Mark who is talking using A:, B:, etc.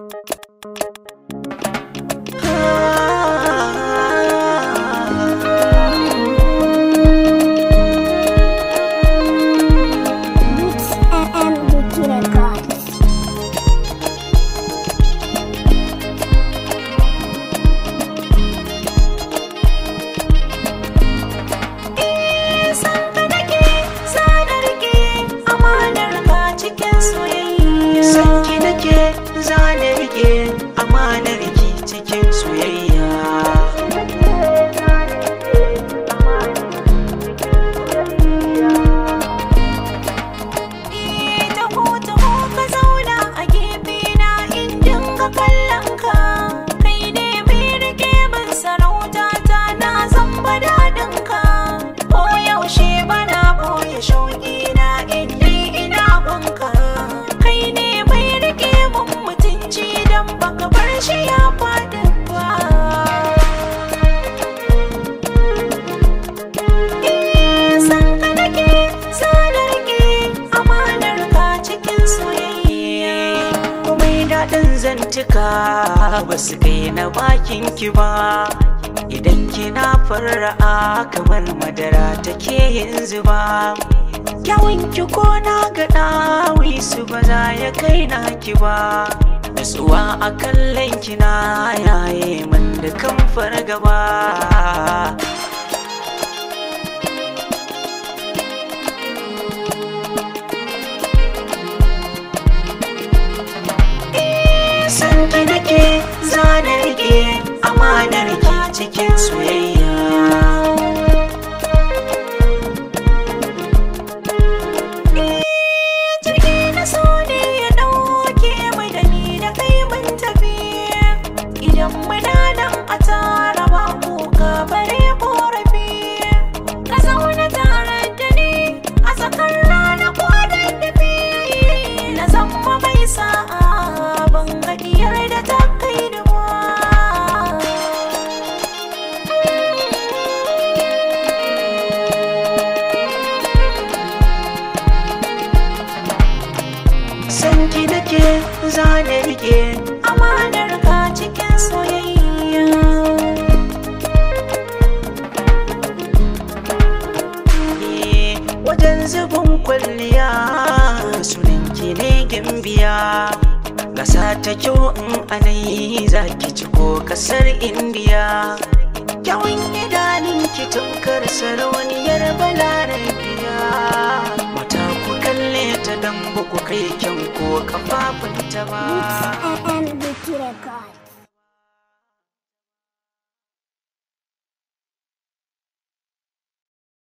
A: you
B: daɗin zantuka ba su kai na bakin ki ba idan kina fara'a kamar madara take yin ba. kyawun ki ko na ga ɗawi su ba za ya kai na ki ba nutsuwa a kallon kina yaye man da kan fargaba
A: ki nake zanar ki amanar ki cikin soyayya nake zane rike amanar ka cikin soyayya eh, wajen
B: zubin kwalliya sunanki ne gimbiya ƙasa ta kyau in anayi za ki ciko ƙasar indiya
A: kyawun idanun ki tamkar sarauniyar bala dan ba ku kai kyan ko kafafun ta ba.